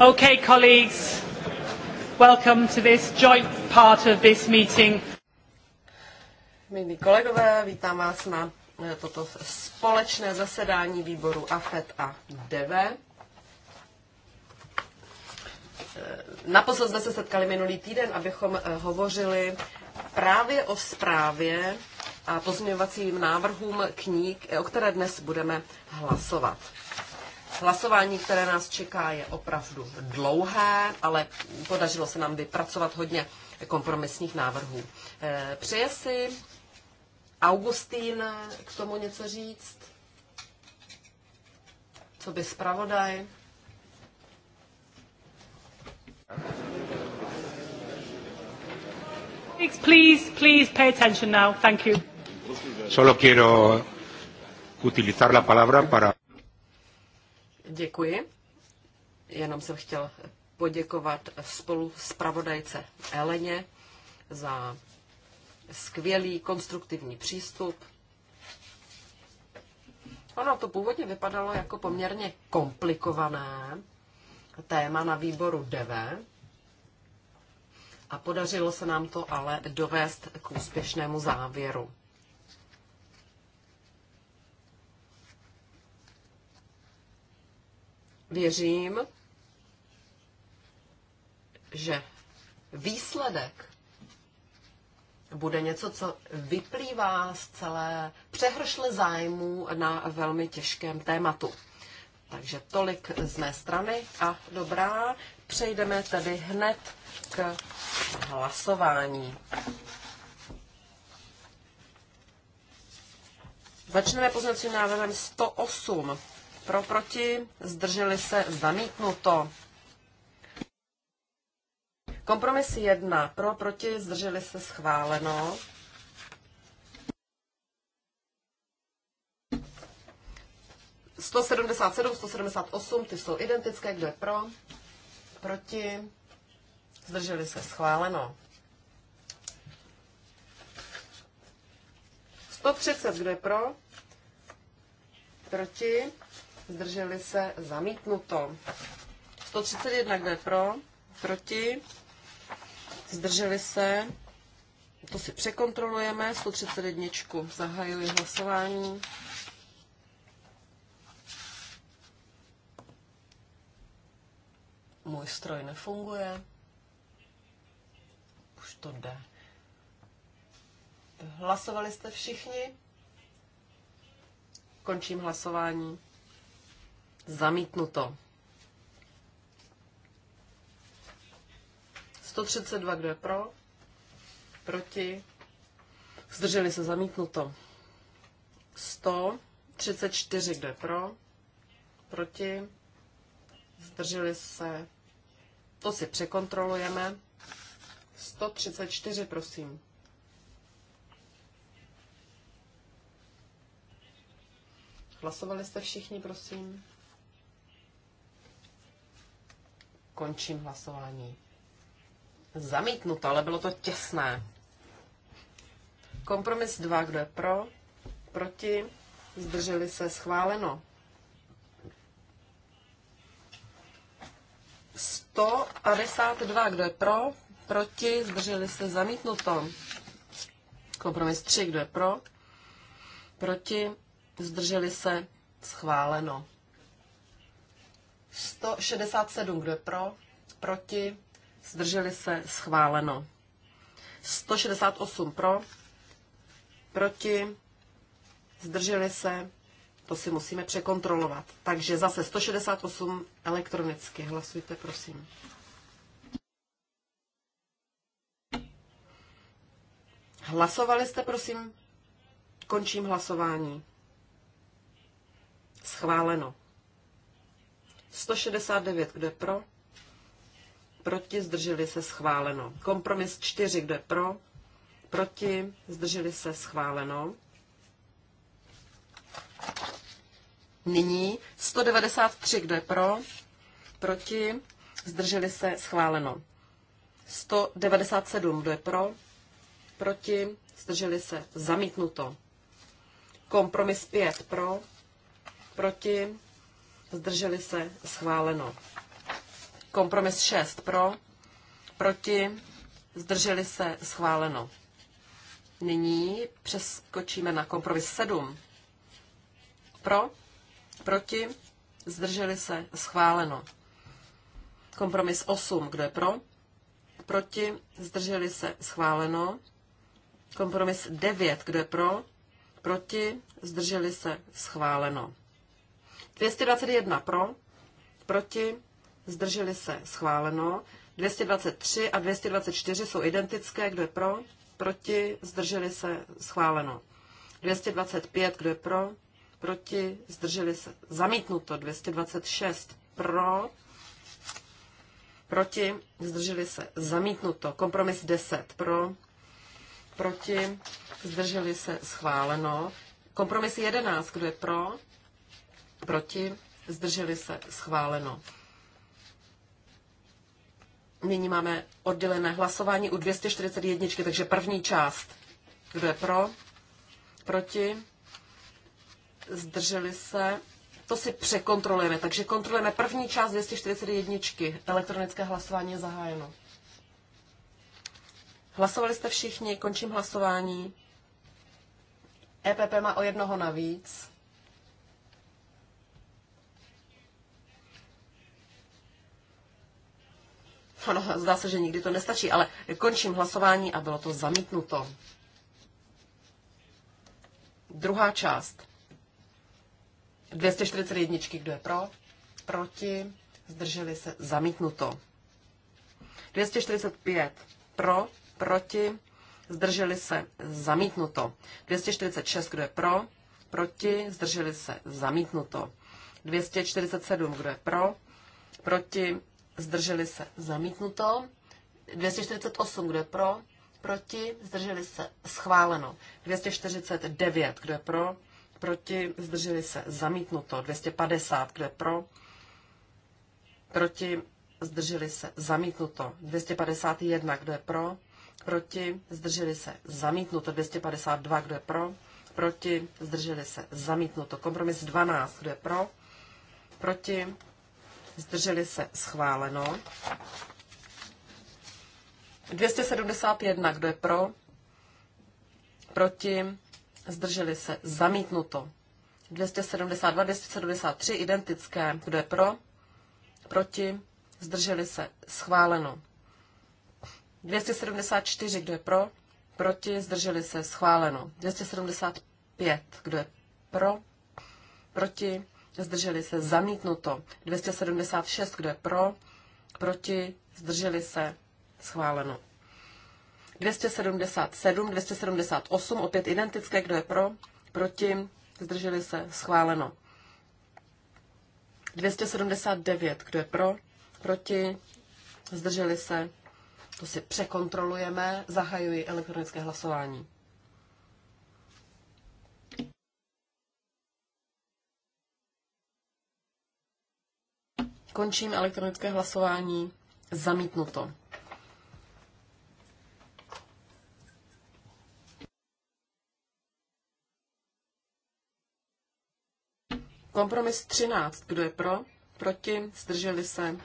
Okay, colleagues, welcome to this joint part of this meeting. Milí kolegové, vítám vás na eh, toto společné zasedání výboru AFET a DV. Eh, naposled jsme se setkali minulý týden, abychom eh, hovořili právě o zprávě a pozměňovacím návrhům kníh, o které dnes budeme hlasovat. Hlasování, které nás čeká, je opravdu dlouhé, ale podařilo se nám vypracovat hodně kompromisních návrhů. Eh, přeje si Augustín k tomu něco říct? Co by zpravodaj? Please, please pay attention now. Thank you. Solo quiero utilizar la palabra para Děkuji. Jenom jsem chtěl poděkovat spolu s pravodajce Eleně za skvělý konstruktivní přístup. Ono to původně vypadalo jako poměrně komplikované téma na výboru DV a podařilo se nám to ale dovést k úspěšnému závěru. Věřím, že výsledek bude něco, co vyplývá z celé přehršle zájmu na velmi těžkém tématu. Takže tolik z mé strany a dobrá, přejdeme tedy hned k hlasování. Začneme poznacím návrhem 108 pro, proti, zdrželi se, zamítnuto. Kompromis 1, pro, proti, zdrželi se, schváleno. Sto sedmdesát sedm, sto sedmdesát osm, ty jsou identické, kdo je pro, proti, zdrželi se, schváleno. 130, kdo je pro? Proti? zdrželi se, zamítnuto. 131, kde pro, proti, zdrželi se, to si překontrolujeme, 131, zahajili hlasování. Můj stroj nefunguje. Už to jde. Hlasovali jste všichni? Končím hlasování. Zamítnuto. 132, kdo je pro? Proti? Zdrželi se zamítnuto. 134, kdo je pro? Proti? Zdrželi se. To si překontrolujeme. 134, prosím. Hlasovali jste všichni, prosím. Končím hlasování. Zamítnuto, ale bylo to těsné. Kompromis 2, kdo je pro, proti, zdrželi se, schváleno. 152, kdo je pro, proti, zdrželi se, zamítnuto. Kompromis 3, kdo je pro, proti, zdrželi se, schváleno. 167, kdo je pro, proti, zdrželi se, schváleno. 168 pro, proti, zdrželi se, to si musíme překontrolovat. Takže zase 168 elektronicky. Hlasujte, prosím. Hlasovali jste, prosím? Končím hlasování. Schváleno. 169, kdo je pro? Proti, zdrželi se, schváleno. Kompromis 4, kdo je pro? Proti, zdrželi se, schváleno. Nyní 193, kdo je pro? Proti, zdrželi se, schváleno. 197, kdo je pro? Proti, zdrželi se, zamítnuto. Kompromis 5 pro, proti, zdrželi se, schváleno. Kompromis 6 pro, proti, zdrželi se, schváleno. Nyní přeskočíme na kompromis 7. Pro, proti, zdrželi se, schváleno. Kompromis 8, kdo je pro, proti, zdrželi se, schváleno. Kompromis 9, kdo je pro, proti, zdrželi se, schváleno. 221 pro, proti, zdrželi se, schváleno. 223 a 224 jsou identické, kdo je pro, proti, zdrželi se, schváleno. 225, kdo je pro, proti, zdrželi se, zamítnuto. 226 pro, proti, zdrželi se, zamítnuto. Kompromis 10 pro, proti, zdrželi se, schváleno. Kompromis 11, kdo je pro, proti, zdrželi se, schváleno. Nyní máme oddělené hlasování u 241, takže první část. Kdo je pro? Proti? Zdrželi se? To si překontrolujeme. Takže kontrolujeme první část 241. Elektronické hlasování je zahájeno. Hlasovali jste všichni, končím hlasování. EPP má o jednoho navíc. Ano, zdá se, že nikdy to nestačí, ale končím hlasování a bylo to zamítnuto. Druhá část. 241, kdo je pro? Proti? Zdrželi se? Zamítnuto. 245 pro, proti, zdrželi se, zamítnuto. 246, kdo je pro, proti, zdrželi se, zamítnuto. 247, kdo je pro, proti, zdrželi se, zamítnuto. 248, kdo je pro, proti, zdrželi se, schváleno. 249, kdo je pro, proti, zdrželi se, zamítnuto. 250, kdo je pro, proti, zdrželi se, zamítnuto. 251, kdo je pro, proti, zdrželi se, zamítnuto. 252, kdo je pro, proti, zdrželi se, zamítnuto. Kompromis 12, kdo je pro, proti, zdrželi se schváleno. 271, kdo je pro, proti, zdrželi se zamítnuto. 272, 273, identické, kdo je pro, proti, zdrželi se schváleno. 274, kdo je pro, proti, zdrželi se schváleno. 275, kdo je pro, proti, zdrželi se, zamítnuto. 276, kdo je pro, proti, zdrželi se, schváleno. 277, 278, opět identické, kdo je pro, proti, zdrželi se, schváleno. 279, kdo je pro, proti, zdrželi se, to si překontrolujeme, zahajuji elektronické hlasování. Končím elektronické hlasování. Zamítnuto. Kompromis 13. Kdo je pro? Proti? Zdrželi se?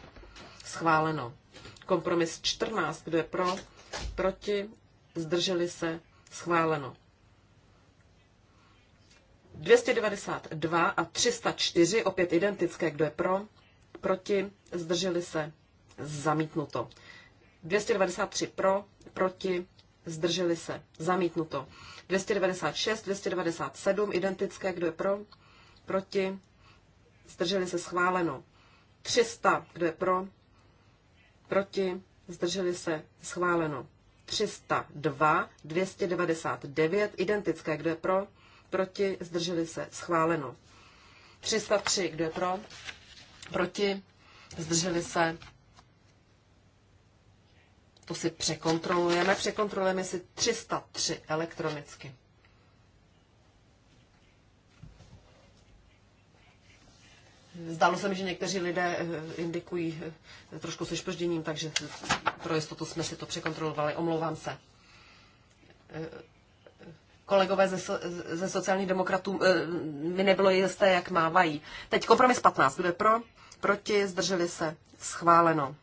Schváleno. Kompromis 14. Kdo je pro? Proti? Zdrželi se? Schváleno. 292 a 304, opět identické, kdo je pro, proti, zdrželi se, zamítnuto. 293 pro, proti, zdrželi se, zamítnuto. 296, 297, identické, kdo je pro, proti, zdrželi se, schváleno. 300, kdo je pro, proti, zdrželi se, schváleno. 302, 299, identické, kdo je pro, proti, zdrželi se, schváleno. 303, kdo je pro, Proti? Zdrželi se? To si překontrolujeme. Překontrolujeme si 303 elektronicky. Zdálo se mi, že někteří lidé eh, indikují eh, trošku se špožděním, takže pro jistotu jsme si to překontrolovali. Omlouvám se. Eh, kolegové ze, ze sociálních demokratů eh, mi nebylo jisté, jak mávají. Teď kompromis 15. Kdo je pro? Proti? Zdrželi se? Schváleno.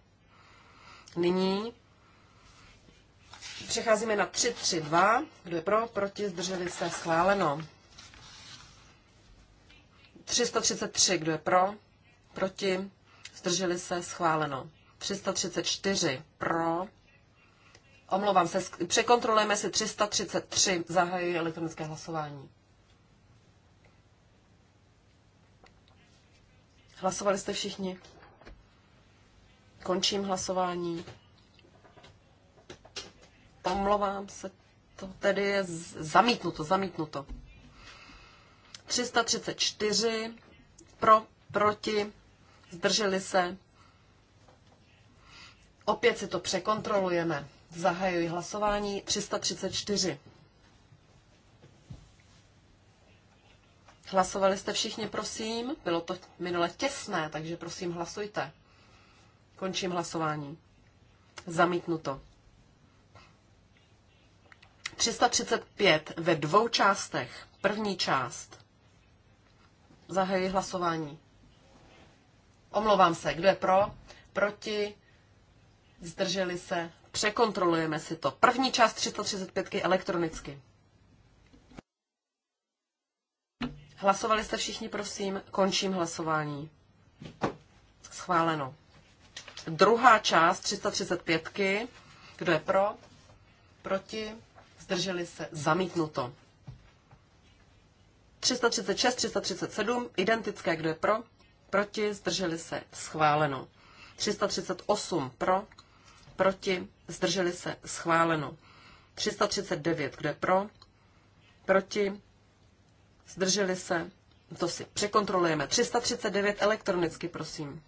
Nyní přecházíme na 3-3-2. Kdo je pro? Proti? Zdrželi se? Schváleno. 333. Kdo je pro? Proti? Zdrželi se? Schváleno. 334. Pro? Omlouvám se, překontrolujeme si 333. Zahajuji elektronické hlasování. Hlasovali jste všichni? Končím hlasování. Omlouvám se, to tedy je zamítnuto, zamítnuto. 334 pro, proti, zdrželi se. Opět si to překontrolujeme. Zahajuji hlasování 334. Hlasovali jste všichni, prosím. Bylo to minule těsné, takže prosím hlasujte. Končím hlasování. Zamítnuto. 335 ve dvou částech. První část. Zahajuji hlasování. Omlouvám se. Kdo je pro? Proti? Zdrželi se? Překontrolujeme si to. První část 335 elektronicky. Hlasovali jste všichni, prosím. Končím hlasování. Schváleno. Druhá část 335. -ky. Kdo je pro? Proti? Zdrželi se? Zamítnuto. 336, 337, identické, kdo je pro? Proti, zdrželi se, schváleno. 338 pro, proti, zdrželi se, schváleno. 339, kdo je pro, proti, zdrželi se, to si překontrolujeme. 339 elektronicky, prosím.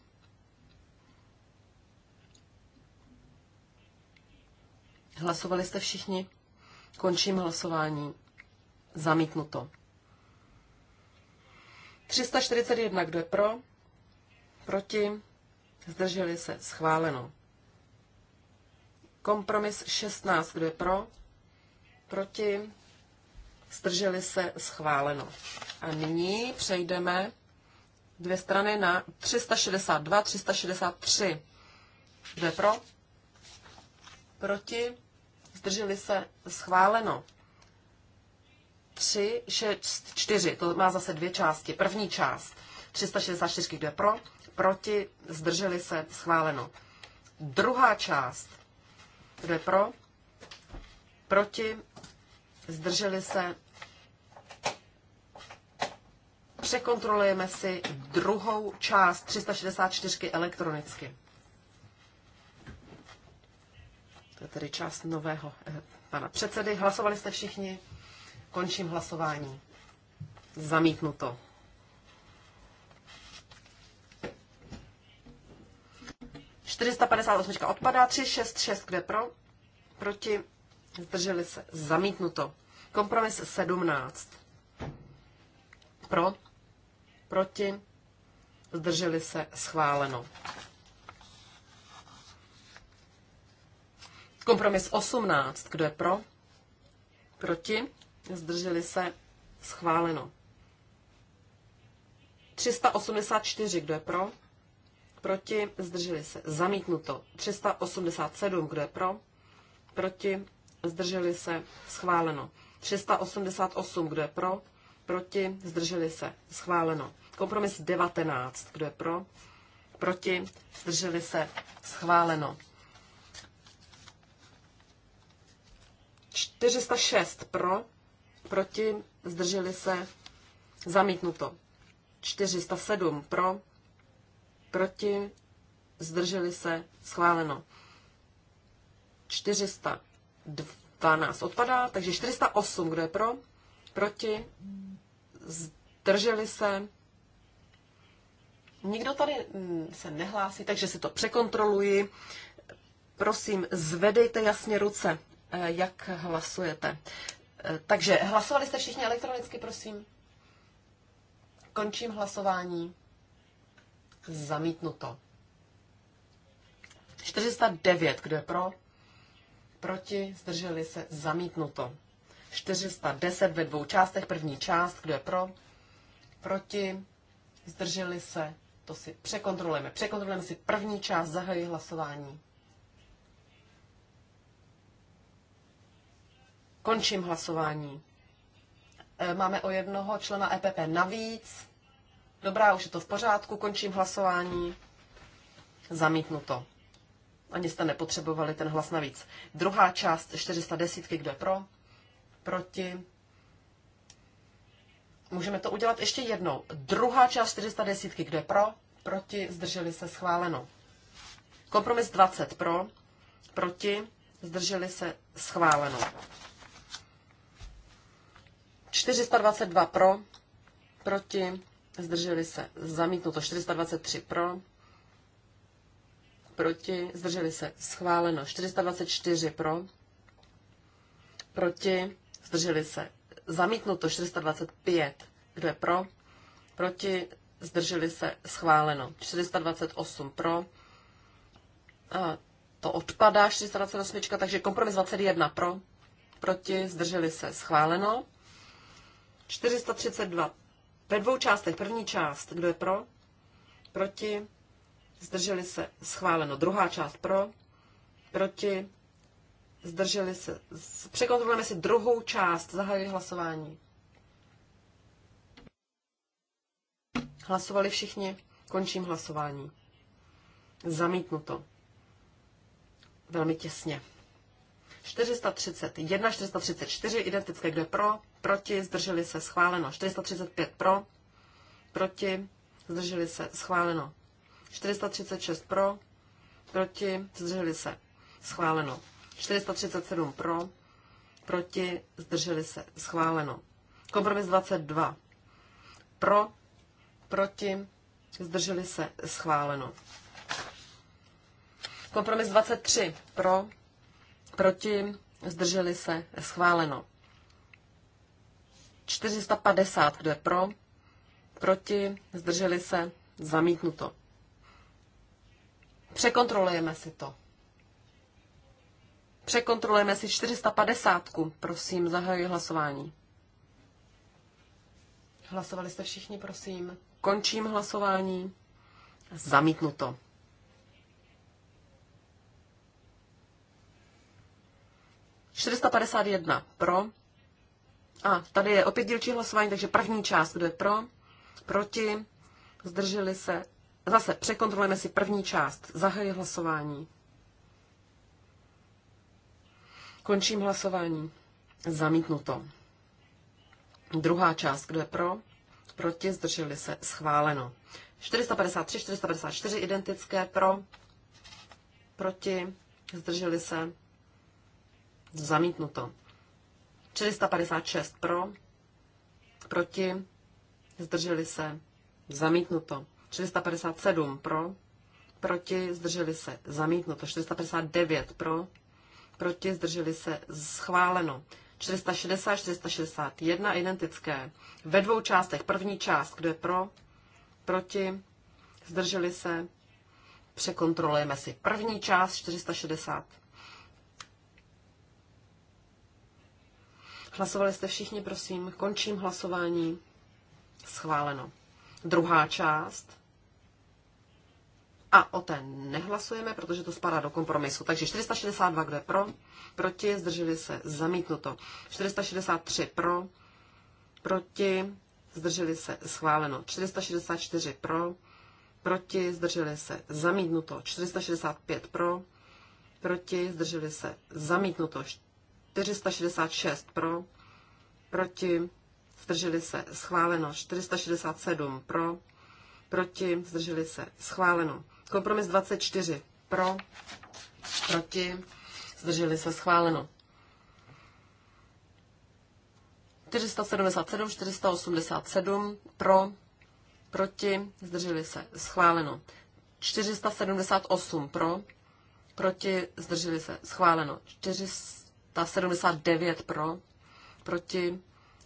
Hlasovali jste všichni? Končím hlasování. Zamítnuto. 341, kdo je pro? Proti? Zdrželi se. Schváleno. Kompromis 16, kdo je pro? Proti? Zdrželi se schváleno. A nyní přejdeme dvě strany na 362, 363. Kdo je pro? Proti? Zdrželi se schváleno. 3, 6, 4. To má zase dvě části. První část. 364, kdo je pro? Proti? Zdrželi se schváleno. Druhá část. Kdo je pro? Proti? Zdrželi se? Překontrolujeme si druhou část 364 elektronicky. To je tedy část nového eh, pana předsedy. Hlasovali jste všichni? Končím hlasování. Zamítnuto. 458 odpadá, 366 kde pro, proti, zdrželi se, zamítnuto. Kompromis 17. Pro, proti, zdrželi se, schváleno. Kompromis 18. Kdo je pro? Proti? Zdrželi se? Schváleno. 384. Kdo je pro? proti, zdrželi se, zamítnuto. 387, kdo je pro, proti, zdrželi se, schváleno. 388, kdo je pro, proti, zdrželi se, schváleno. Kompromis 19, kdo je pro, proti, zdrželi se, schváleno. 406 pro, proti, zdrželi se, zamítnuto. 407 pro, proti, zdrželi se, schváleno. 412 odpadá, takže 408, kdo je pro, proti, zdrželi se. Nikdo tady mm, se nehlásí, takže si to překontroluji. Prosím, zvedejte jasně ruce, eh, jak hlasujete. Eh, takže hlasovali jste všichni elektronicky, prosím. Končím hlasování. Zamítnuto. 409, kdo je pro? Proti, zdrželi se, zamítnuto. 410 ve dvou částech, první část, kdo je pro? Proti, zdrželi se, to si překontrolujeme. Překontrolujeme si první část, zahajuji hlasování. Končím hlasování. E, máme o jednoho člena EPP navíc. Dobrá, už je to v pořádku, končím hlasování. Zamítnuto. Ani jste nepotřebovali ten hlas navíc. Druhá část 410, kdo je pro? Proti? Můžeme to udělat ještě jednou. Druhá část 410, kdo je pro? Proti? Zdrželi se schváleno. Kompromis 20 pro? Proti? Zdrželi se schváleno. 422 pro? Proti? zdrželi se, zamítnuto 423 pro, proti, zdrželi se, schváleno 424 pro, proti, zdrželi se, zamítnuto 425, kdo je pro, proti, zdrželi se, schváleno 428 pro, a to odpadá 428, takže kompromis 21 pro, proti, zdrželi se, schváleno 432 ve dvou částech. První část, kdo je pro? Proti? Zdrželi se? Schváleno. Druhá část pro? Proti? Zdrželi se? Překontrolujeme si druhou část. Zahajuji hlasování. Hlasovali všichni? Končím hlasování. Zamítnuto. Velmi těsně. 430, 1, 434, identické, kde pro, proti, zdrželi se, schváleno. 435 pro, proti, zdrželi se, schváleno. 436 pro, proti, zdrželi se, schváleno. 437 pro, proti, zdrželi se, schváleno. Kompromis 22 pro, proti, zdrželi se, schváleno. Kompromis 23 pro, proti, zdrželi se, schváleno. 450, kdo je pro, proti, zdrželi se, zamítnuto. Překontrolujeme si to. Překontrolujeme si 450. Prosím, zahajuji hlasování. Hlasovali jste všichni, prosím. Končím hlasování. Zamítnuto. Čtyřista padesát jedna pro, a tady je opět dílčí hlasování, takže první část, kdo je pro, proti, zdrželi se. Zase překontrolujeme si první část. Zahajuji hlasování. Končím hlasování. Zamítnuto. Druhá část, kdo je pro, proti, zdrželi se, schváleno. 453, 454 identické, pro, proti, zdrželi se, zamítnuto. 456 pro, proti, zdrželi se, zamítnuto. 457 pro, proti, zdrželi se, zamítnuto. 459 pro, proti, zdrželi se, schváleno. 460, 461 identické. Ve dvou částech. První část, kdo je pro, proti, zdrželi se, překontrolujeme si. První část 460. Hlasovali jste všichni, prosím. Končím hlasování. Schváleno. Druhá část. A o té nehlasujeme, protože to spadá do kompromisu. Takže 462, kdo je pro, proti, zdrželi se, zamítnuto. 463 pro, proti, zdrželi se, schváleno. 464 pro, proti, zdrželi se, zamítnuto. 465 pro, proti, zdrželi se, zamítnuto. 466 pro, proti, zdrželi se, schváleno. 467 pro, proti, zdrželi se, schváleno. Kompromis 24 pro, proti, zdrželi se, schváleno. 477, 487 pro, proti, zdrželi se, schváleno. 478 pro, proti, zdrželi se, schváleno. 400 ta 79 pro, proti,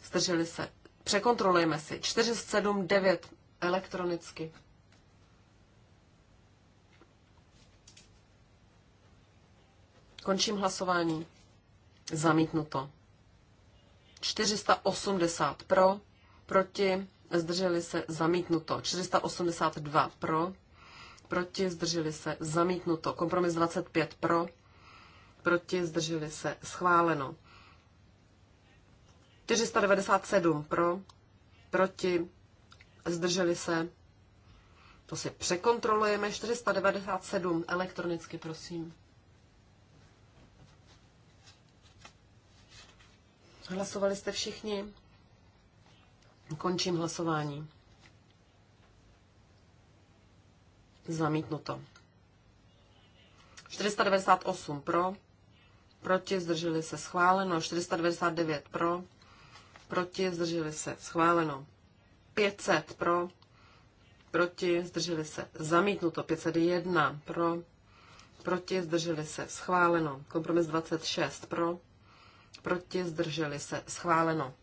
zdrželi se. Překontrolujeme si. 479 elektronicky. Končím hlasování. Zamítnuto. 480 pro, proti, zdrželi se, zamítnuto. 482 pro, proti, zdrželi se, zamítnuto. Kompromis 25 pro, proti, zdrželi se, schváleno. 497 pro, proti, zdrželi se, to si překontrolujeme, 497 elektronicky, prosím. Hlasovali jste všichni? Končím hlasování. Zamítnuto. 498 pro, proti, zdrželi se schváleno, 499 pro, proti, zdrželi se schváleno, 500 pro, proti, zdrželi se zamítnuto, 501 pro, proti, zdrželi se schváleno, kompromis 26 pro, proti, zdrželi se schváleno.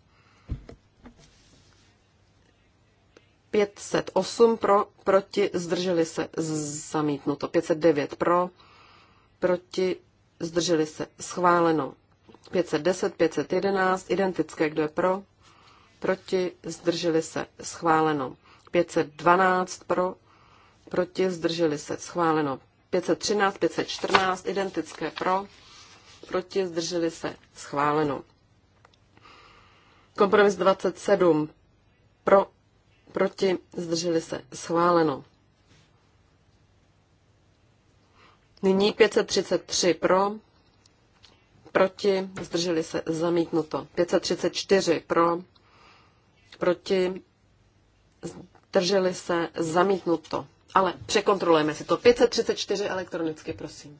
508 pro, proti, zdrželi se zamítnuto. 509 pro, proti, zdrželi se, schváleno. 510, 511, identické, kdo je pro, proti, zdrželi se, schváleno. 512 pro, proti, zdrželi se, schváleno. 513, 514, identické pro, proti, zdrželi se, schváleno. Kompromis 27 pro, proti, zdrželi se, schváleno. Nyní 533 pro, proti, zdrželi se, zamítnuto. 534 pro, proti, zdrželi se, zamítnuto. Ale překontrolujeme si to. 534 elektronicky, prosím.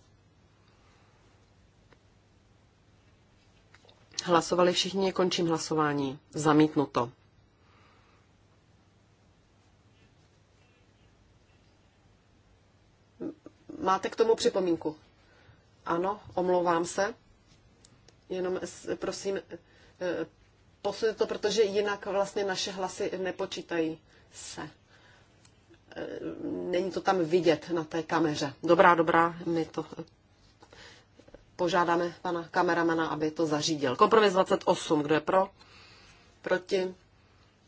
Hlasovali všichni, končím hlasování. Zamítnuto. Máte k tomu připomínku? Ano, omlouvám se. Jenom prosím, eh, posuňte to, protože jinak vlastně naše hlasy nepočítají se. Eh, není to tam vidět na té kameře. Dobrá, dobrá, my to eh, požádáme pana kameramana, aby to zařídil. Kompromis 28, kdo je pro? Proti?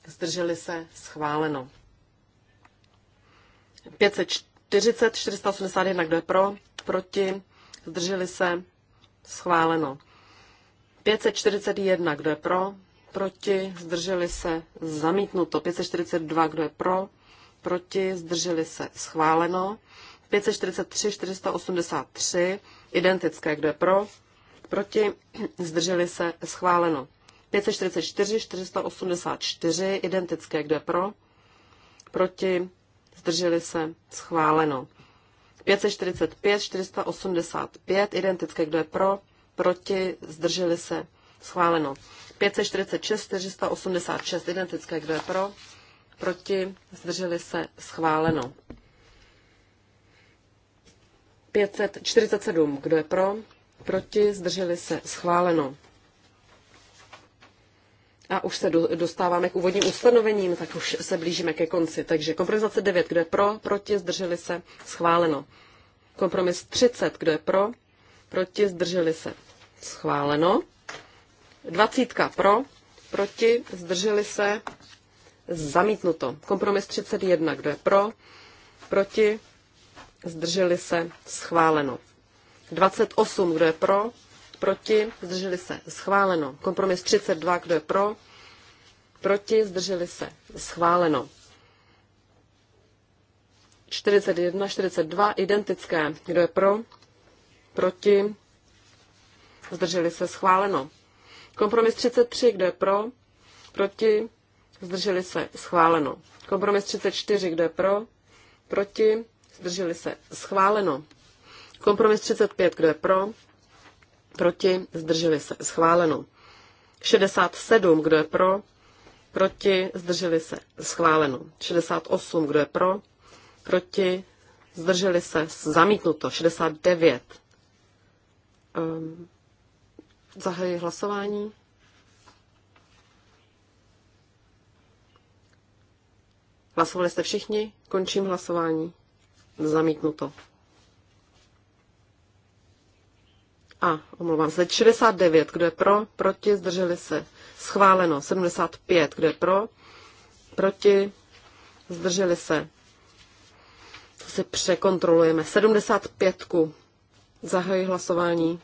Zdrželi se? Schváleno. 504 40, 481, kdo je pro, proti, zdrželi se, schváleno. 541, kdo je pro, proti, zdrželi se, zamítnuto. 542, kdo je pro, proti, zdrželi se, schváleno. 543, 483, identické, kdo je pro, proti, zdrželi se, schváleno. 544, 484, identické, kdo je pro, proti, zdrželi se, schváleno. 545, 485, identické, kdo je pro, proti, zdrželi se, schváleno. 546, 486, identické, kdo je pro, proti, zdrželi se, schváleno. 547, kdo je pro, proti, zdrželi se, schváleno. A už se dostáváme k úvodním ustanovením, tak už se blížíme ke konci. Takže kompromisace 9, kdo je pro, proti, zdrželi se, schváleno. Kompromis 30, kdo je pro, proti, zdrželi se, schváleno. 20 pro, proti, zdrželi se, zamítnuto. Kompromis 31, kdo je pro, proti, zdrželi se, schváleno. 28, kdo je pro, proti, zdrželi se, schváleno. Kompromis 32, kdo je pro, proti, zdrželi se, schváleno. 41, 42, identické, kdo je pro, proti, zdrželi se, schváleno. Kompromis 33, kdo je pro, proti, zdrželi se, schváleno. Kompromis 34, kdo je pro, proti, zdrželi se, schváleno. Kompromis 35, kdo je pro, proti, zdrželi se, schváleno. 67, kdo je pro, proti, zdrželi se, schváleno. 68, kdo je pro, proti, zdrželi se, zamítnuto. 69. Um, ehm, zahajuji hlasování. Hlasovali jste všichni? Končím hlasování. Zamítnuto. a omlouvám se, 69, kdo je pro, proti, zdrželi se, schváleno, 75, kdo je pro, proti, zdrželi se, to si překontrolujeme, 75, zahají hlasování.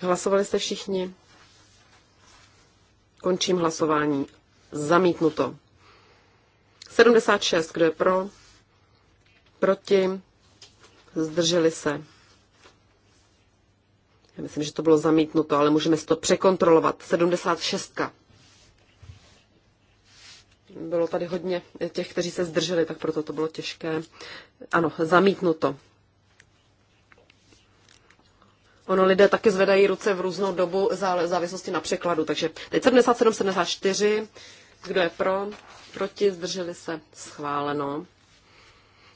Hlasovali jste všichni? Končím hlasování. Zamítnuto. 76, kdo je pro? Proti? zdrželi se. Já myslím, že to bylo zamítnuto, ale můžeme si to překontrolovat. 76. Bylo tady hodně těch, kteří se zdrželi, tak proto to bylo těžké. Ano, zamítnuto. Ono lidé taky zvedají ruce v různou dobu v závislosti na překladu. Takže teď 77, 74. Kdo je pro? Proti? Zdrželi se? Schváleno.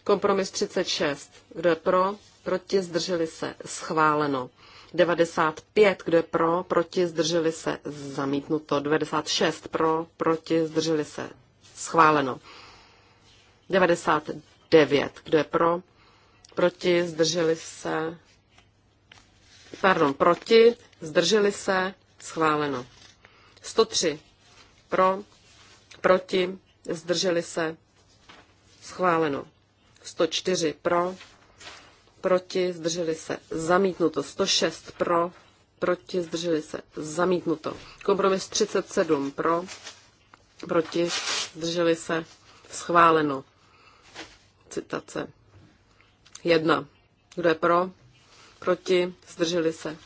Kompromis 36. Kdo je pro? Proti? Zdrželi se? Schváleno. 95, kdo je pro, proti, zdrželi se, zamítnuto. 96, pro, proti, zdrželi se, schváleno. 99, kdo je pro, proti, zdrželi se, pardon, proti, zdrželi se, schváleno. 103, pro, proti, zdrželi se, schváleno. 104 pro, proti, zdrželi se, zamítnuto. 106 pro, proti, zdrželi se, zamítnuto. Kompromis 37 pro, proti, zdrželi se, schváleno. Citace 1. Kdo je pro? Proti, zdrželi se,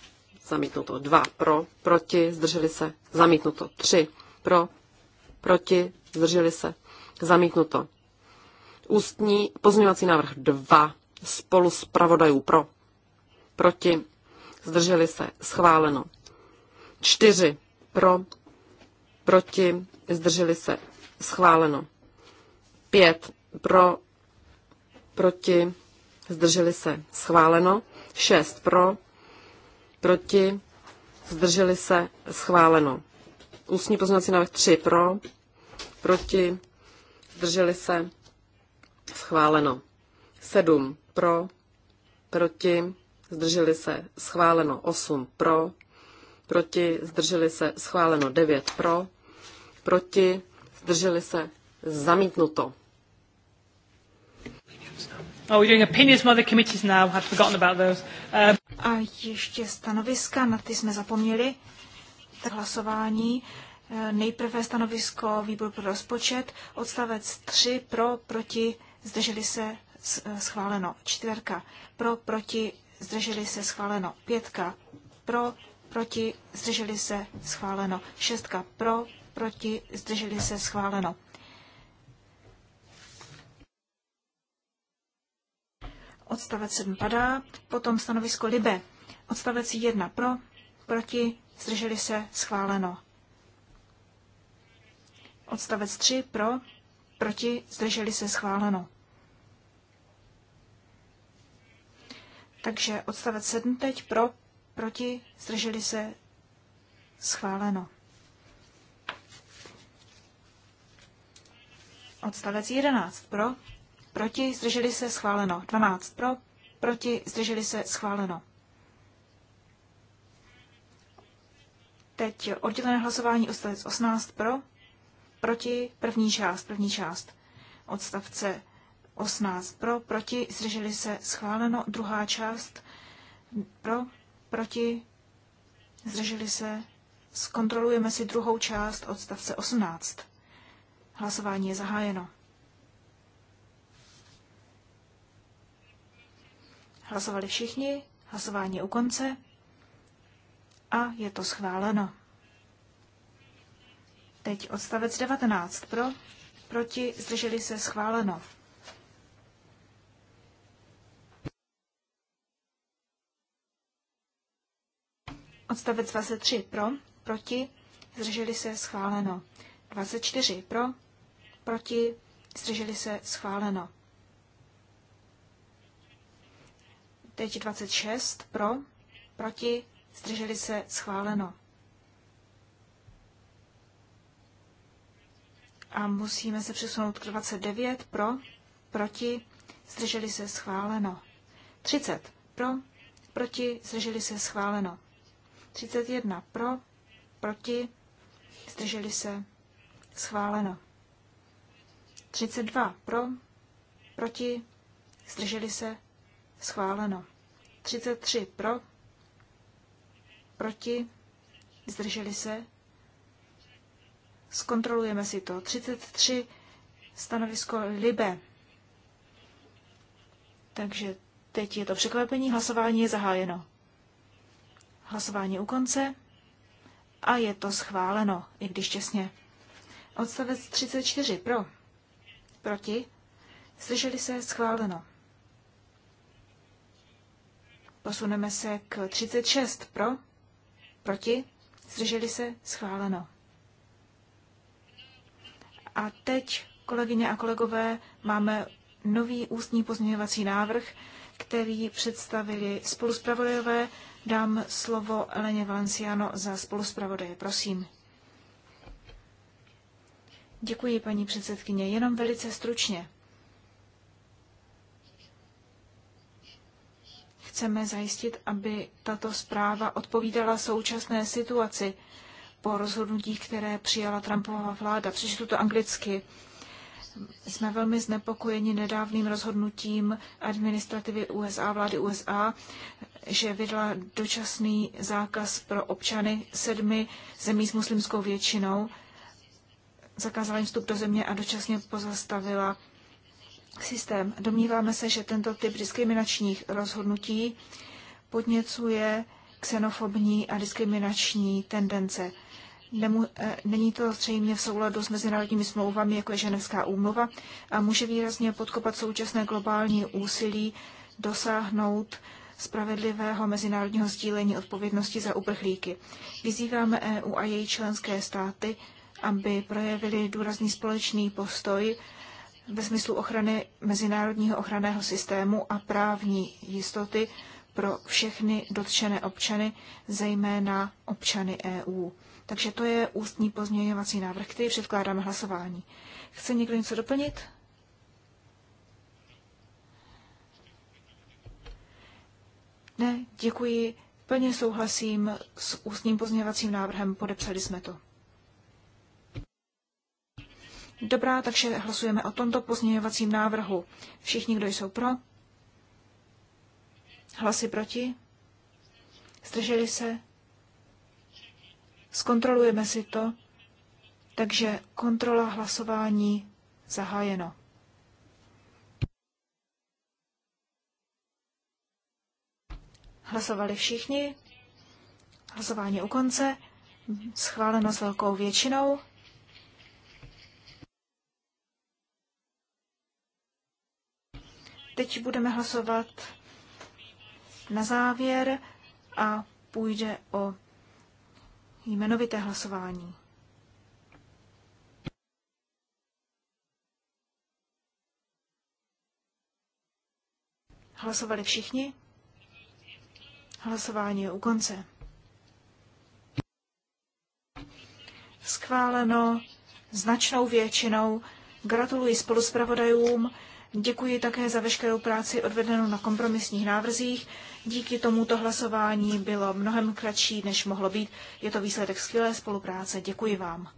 zamítnuto. 2. Pro, proti, zdrželi se, zamítnuto. 3. Pro, proti, zdrželi se, zamítnuto. Ústní pozměňovací návrh 2 spolu s pravodajů pro, proti, zdrželi se, schváleno. 4 pro, proti, zdrželi se, schváleno. 5 pro, proti, zdrželi se, schváleno. 6 pro, proti, zdrželi se, schváleno. Ústní poznací návrh 3 pro, proti, zdrželi se, Schváleno. 7 pro, proti, zdrželi se, schváleno 8 pro, proti, zdrželi se, schváleno 9 pro, proti, zdrželi se, zamítnuto. Oh, we're doing opinions from other committees now. I'd forgotten about those. Um... A ještě stanoviska, na ty jsme zapomněli. Tak hlasování. Eh, nejprve stanovisko výboru pro rozpočet, odstavec 3 pro, proti, zdrželi se eh, schváleno čtvrka, pro, proti, zdrželi se schváleno pětka, pro, proti, zdrželi se schváleno šestka, pro, proti, zdrželi se schváleno. Odstavec 7 padá, potom stanovisko Libe. Odstavec 1 pro, proti, zdrželi se schváleno. Odstavec 3 pro, proti, zdrželi se schváleno. Takže odstavec 7 teď pro, proti, zdrželi se, schváleno. Odstavec 11 pro, proti, zdrželi se, schváleno. 12 pro, proti, zdrželi se, schváleno. Teď oddělené hlasování odstavec 18 pro, proti, první část, první část odstavce 18 pro, proti, zdrželi se, schváleno. Druhá část pro, proti, zdrželi se, zkontrolujeme si druhou část odstavce 18. Hlasování je zahájeno. Hlasovali všichni, hlasování je u konce a je to schváleno. Teď odstavec 19 pro, proti, zdrželi se schváleno. Odstavec 23 pro, proti, zdrželi se schváleno. 24 pro, proti, zdrželi se schváleno. Teď 26 pro, proti, zdrželi se schváleno. A musíme se přesunout k 29 pro, proti, zdrželi se schváleno. 30 pro, proti, zdrželi se schváleno. 31 pro, proti, zdrželi se, schváleno. 32 pro, proti, zdrželi se, schváleno. 33 pro, proti, zdrželi se, zkontrolujeme si to. 33 stanovisko Libe. Takže teď je to překvapení, hlasování je zahájeno. Hlasování u konce a je to schváleno, i když těsně. Odstavec 34 pro, proti, Slyšeli se schváleno. Posuneme se k 36 pro, proti, Slyšeli se schváleno. A teď, kolegyně a kolegové, máme nový ústní pozměňovací návrh, který představili spoluspravodajové dám slovo Eleně Valenciano za spoluspravodaje. Prosím. Děkuji, paní předsedkyně. Jenom velice stručně. Chceme zajistit, aby tato zpráva odpovídala současné situaci po rozhodnutích, které přijala Trumpova vláda. Přečtu to anglicky. Jsme velmi znepokojeni nedávným rozhodnutím administrativy USA, vlády USA, že vydala dočasný zákaz pro občany sedmi zemí s muslimskou většinou, zakázala jim vstup do země a dočasně pozastavila systém. Domníváme se, že tento typ diskriminačních rozhodnutí podněcuje xenofobní a diskriminační tendence. Nemu, e, není to zřejmě v souladu s mezinárodními smlouvami, jako je Ženevská úmluva, a může výrazně podkopat současné globální úsilí dosáhnout spravedlivého mezinárodního sdílení odpovědnosti za uprchlíky. Vyzýváme EU a její členské státy, aby projevili důrazný společný postoj ve smyslu ochrany mezinárodního ochranného systému a právní jistoty pro všechny dotčené občany, zejména občany EU. Takže to je ústní pozměňovací návrh, který předkládáme hlasování. Chce někdo něco doplnit? Ne, děkuji. Plně souhlasím s ústním pozměňovacím návrhem. Podepsali jsme to. Dobrá, takže hlasujeme o tomto pozměňovacím návrhu. Všichni, kdo jsou pro? Hlasy proti? Zdrželi se? Zkontrolujeme si to. Takže kontrola hlasování zahájeno. Hlasovali všichni. Hlasování u konce. Schváleno s velkou většinou. Teď budeme hlasovat na závěr a půjde o jmenovité hlasování. Hlasovali všichni? Hlasování je u konce. Schváleno značnou většinou. Gratuluji spoluspravodajům. Děkuji také za veškerou práci odvedenou na kompromisních návrzích. Díky tomuto hlasování bylo mnohem kratší, než mohlo být. Je to výsledek skvělé spolupráce. Děkuji vám.